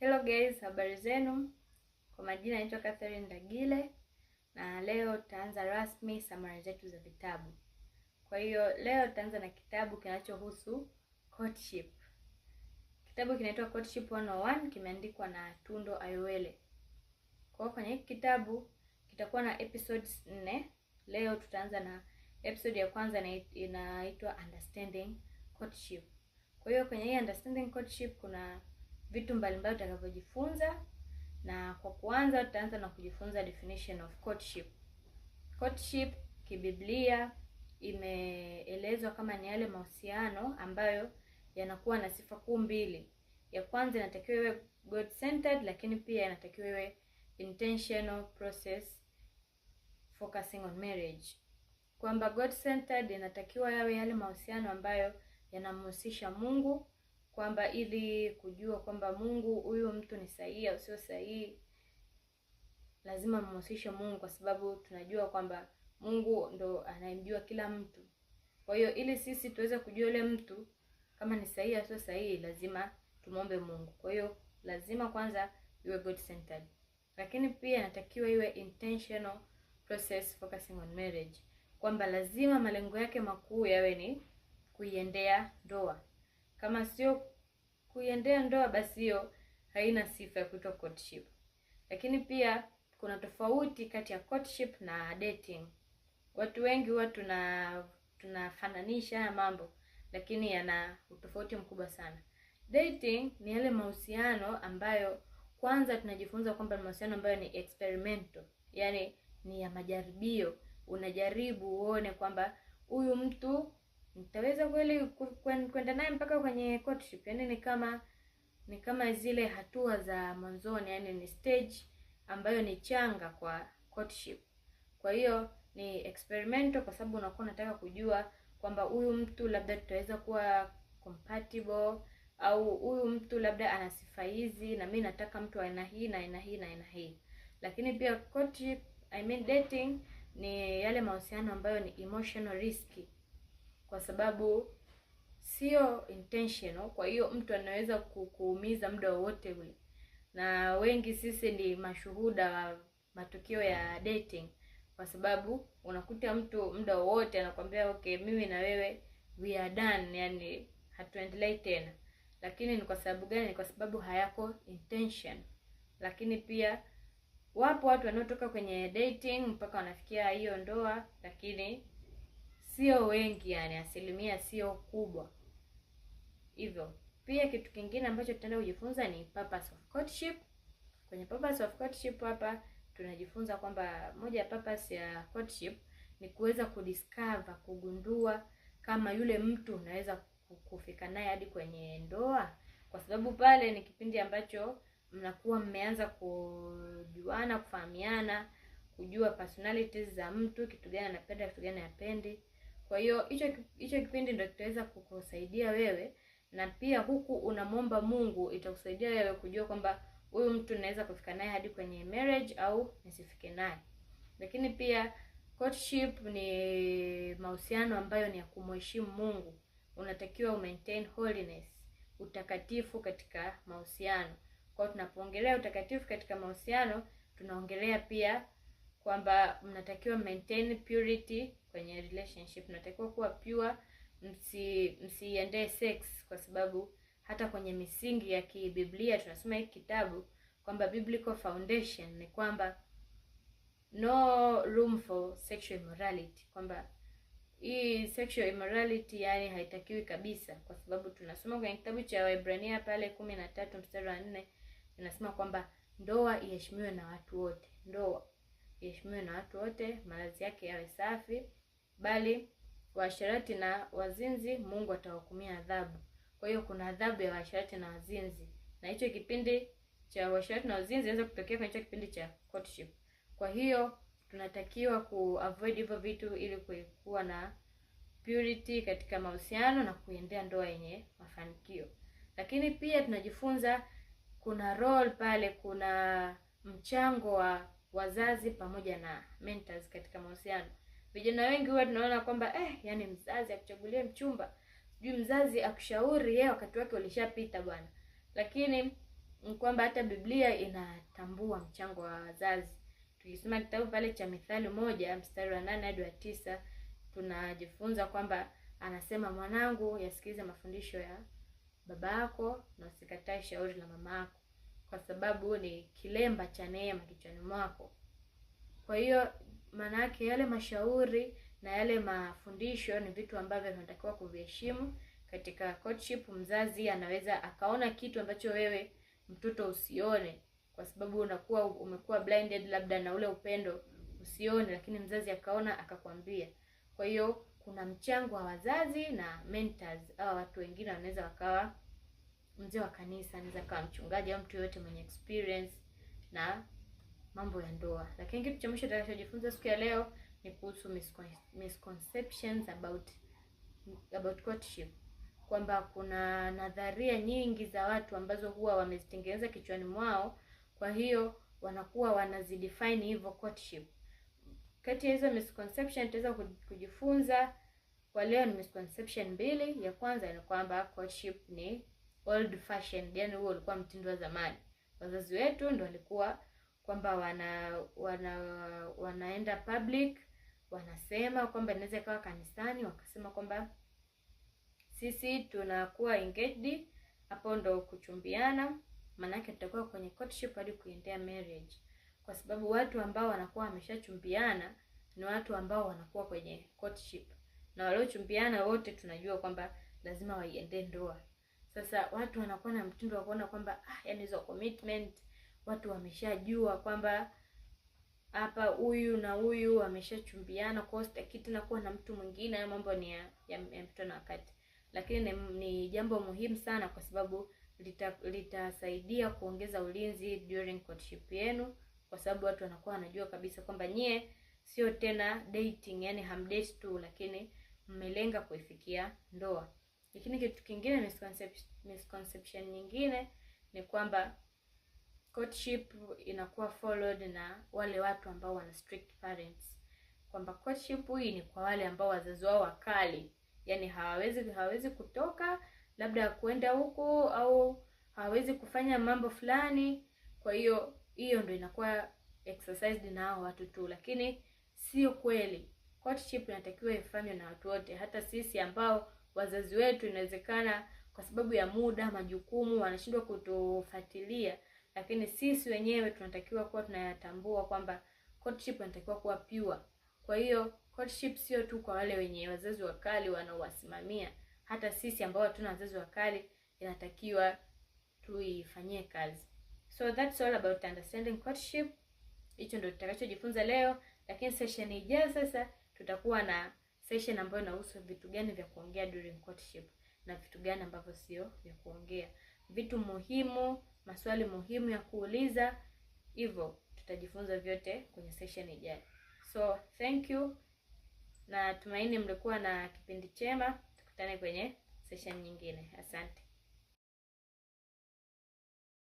Hello guys, habari zenu. Kwa majina naitwa Catherine Ndagile na leo tutaanza rasmi samari zetu za vitabu. Kwa hiyo leo tutaanza na kitabu kinachohusu courtship. Kitabu kinaitwa Courtship 101 kimeandikwa na Tundo Ayowele. Kwa hiyo kwenye hiki kitabu kitakuwa na episodes nne. Leo tutaanza na episode ya kwanza inaitwa Understanding Courtship. Kwa hiyo kwenye hii Understanding Courtship kuna vitu mbalimbali utakavyojifunza, na kwa kuanza tutaanza na kujifunza definition of courtship. Courtship kibiblia imeelezwa kama ni yale mahusiano ambayo yanakuwa na sifa kuu mbili. Ya kwanza inatakiwa iwe God centered, lakini pia inatakiwa iwe intentional process focusing on marriage, kwamba God centered inatakiwa yawe yale mahusiano ambayo yanamhusisha Mungu kwamba ili kujua kwamba Mungu huyu mtu ni sahihi au sio sahihi, lazima mhusishe Mungu, kwa sababu tunajua kwamba Mungu ndo anayemjua kila mtu. Kwa hiyo ili sisi tuweze kujua yule mtu kama ni sahihi au sio sahihi, lazima tumombe Mungu. Kwa hiyo lazima kwanza iwe God centered, lakini pia inatakiwa iwe intentional process focusing on marriage, kwamba lazima malengo yake makuu yawe ni kuiendea ndoa. Kama sio kuiendea ndoa, basi hiyo haina sifa ya kuitwa courtship. Lakini pia kuna tofauti kati ya courtship na dating. Watu wengi huwa tuna tunafananisha haya mambo, lakini yana utofauti mkubwa sana. Dating ni yale mahusiano ambayo kwanza tunajifunza kwamba ni mahusiano ambayo ni experimental, yani ni ya majaribio. Unajaribu uone kwamba huyu mtu nitaweza kweli kwenda naye mpaka kwenye courtship? Yani ni kama ni kama zile hatua za mwanzoni, yani ni stage ambayo ni changa kwa courtship. Kwa hiyo ni experimental, kwa sababu unakuwa unataka kujua kwamba huyu mtu labda tutaweza kuwa compatible au huyu mtu labda ana sifa hizi na mi nataka mtu aina hii na aina hii na aina hii. Lakini pia courtship, I mean dating ni yale mahusiano ambayo ni emotional risky kwa sababu sio intentional. Kwa hiyo mtu anaweza kukuumiza muda wowote ule, na wengi sisi ni mashuhuda wa matukio ya dating, kwa sababu unakuta mtu muda wowote anakuambia okay, mimi na wewe we are done, yani hatuendelei tena. Lakini ni kwa sababu gani? Ni kwa sababu hayako intention. Lakini pia wapo watu wanaotoka kwenye dating mpaka wanafikia hiyo ndoa, lakini sio wengi, yani asilimia sio kubwa hivyo. Pia kitu kingine ambacho tutaenda kujifunza ni purpose of courtship. Kwenye purpose of courtship hapa tunajifunza kwamba moja ya purpose ya courtship ni kuweza kudiscover, kugundua kama yule mtu unaweza kufika naye hadi kwenye ndoa, kwa sababu pale ni kipindi ambacho mnakuwa mmeanza kujuana, kufahamiana, kujua personalities za mtu, kitu gani anapenda, kitu gani hapendi. Kwa hiyo hicho hicho kipindi ndio kitaweza kukusaidia wewe, na pia huku unamwomba Mungu itakusaidia wewe kujua kwamba huyu mtu naweza kufika naye hadi kwenye marriage au nisifike naye. Lakini pia courtship ni mahusiano ambayo ni ya kumheshimu Mungu. Unatakiwa maintain holiness, utakatifu katika mahusiano. Kwa hiyo tunapoongelea utakatifu katika mahusiano, tunaongelea pia kwamba mnatakiwa maintain purity kwenye relationship natakiwa kuwa pure, msi msiendee sex, kwa sababu hata kwenye misingi ya kibiblia tunasoma hiki kitabu kwamba biblical foundation ni kwamba no room for sexual immorality, kwamba hii sexual immorality yani haitakiwi kabisa, kwa sababu tunasoma kwenye kitabu cha Waebrania pale kumi na tatu mstari wa nne inasema kwamba ndoa iheshimiwe na watu wote, ndoa iheshimiwe na watu wote, malazi yake yawe safi, bali waasherati na wazinzi Mungu atawahukumia adhabu. Kwa hiyo kuna adhabu ya waasherati na wazinzi, na hicho kipindi cha waasherati na wazinzi inaweza kutokea kwenye kipindi cha courtship. Kwa hiyo tunatakiwa kuavoid hivyo vitu ili kuwa na purity katika mahusiano na kuendea ndoa yenye mafanikio. Lakini pia tunajifunza kuna role pale, kuna mchango wa wazazi pamoja na mentors katika mahusiano. Vijana wengi huwa tunaona kwamba eh, yani mzazi akuchagulie mchumba, sijui mzazi akushauri yeye, wakati wake ulishapita bwana. Lakini kwamba hata Biblia inatambua mchango wa wazazi. Tulisoma kitabu pale cha Mithali moja mstari wa nane hadi wa tisa tunajifunza kwamba anasema, mwanangu, yasikize mafundisho ya baba yako na usikatae shauri la mama yako, kwa sababu ni kilemba cha neema kichwani mwako. Kwa hiyo maana yake yale mashauri na yale mafundisho ni vitu ambavyo tunatakiwa kuviheshimu. Katika courtship, mzazi anaweza akaona kitu ambacho wewe mtoto usione, kwa sababu unakuwa umekuwa blinded labda na ule upendo, usione, lakini mzazi akaona akakwambia. Kwa hiyo kuna mchango wa wazazi na mentors, au watu wengine wanaweza wakawa mzee wa kanisa, anaweza akawa mchungaji au mtu yoyote mwenye experience na mambo ya ndoa. Lakini kitu cha mwisho tutakachojifunza siku ya leo ni kuhusu misconceptions about about courtship, kwamba kuna nadharia nyingi za watu ambazo huwa wamezitengeneza kichwani mwao, kwa hiyo wanakuwa wanazidefine hivyo courtship. Kati ya hizo misconception tutaweza kujifunza kwa leo ni misconception mbili. Ya kwanza ni kwamba courtship ni old fashioned, yani huo ulikuwa mtindo wa zamani, wazazi wetu ndio walikuwa kwamba wana, wana wanaenda public wanasema kwamba inaweza ikawa kanisani, wakasema kwamba sisi tunakuwa engaged. Hapo ndo kuchumbiana, maanake tutakuwa kwenye courtship hadi kuendea marriage, kwa sababu watu ambao wanakuwa wameshachumbiana ni watu ambao wanakuwa kwenye courtship, na waliochumbiana wote tunajua kwamba lazima waiende ndoa. Sasa watu wanakuwa na mtindo wa kuona kwamba ah, yani hizo commitment watu wameshajua kwamba hapa huyu na huyu wameshachumbiana, kwa hiyo sitaki tena kuwa na mtu mwingine. Hayo mambo ni ya, ya, ya na wakati, lakini ni, ni jambo muhimu sana kwa sababu litasaidia lita kuongeza ulinzi during courtship yenu, kwa sababu watu wanakuwa wanajua kabisa kwamba nyie sio tena dating, yani hamdate tu, lakini mmelenga kuifikia ndoa. Lakini kitu kingine misconception, misconception nyingine ni kwamba courtship inakuwa followed na wale watu ambao wana strict parents, kwamba courtship hii ni kwa wale ambao wazazi wao wakali, yani hawawezi hawawezi kutoka labda kuenda huko au hawawezi kufanya mambo fulani. Kwa hiyo hiyo ndo inakuwa exercised na hao watu tu, lakini sio kweli. Courtship inatakiwa ifanywe na watu wote, hata sisi ambao wazazi wetu inawezekana kwa sababu ya muda, majukumu, wanashindwa kutufuatilia lakini sisi wenyewe tunatakiwa kuwa tunayatambua kwamba courtship inatakiwa kuwa pure. Kwa hiyo courtship sio tu kwa wale wenye wazazi wakali wanaowasimamia, hata sisi ambao hatuna wazazi wakali inatakiwa tuifanyie kazi. So that's all about understanding courtship. Hicho ndio tutakachojifunza leo, lakini session ijayo sasa tutakuwa na session ambayo inahusu vitu gani vya kuongea during courtship na vitu gani ambavyo sio vya kuongea, vitu muhimu maswali muhimu ya kuuliza. Hivyo tutajifunza vyote kwenye session ijayo. So thank you, na tumaini mlikuwa na kipindi chema. Tukutane kwenye session nyingine. Asante.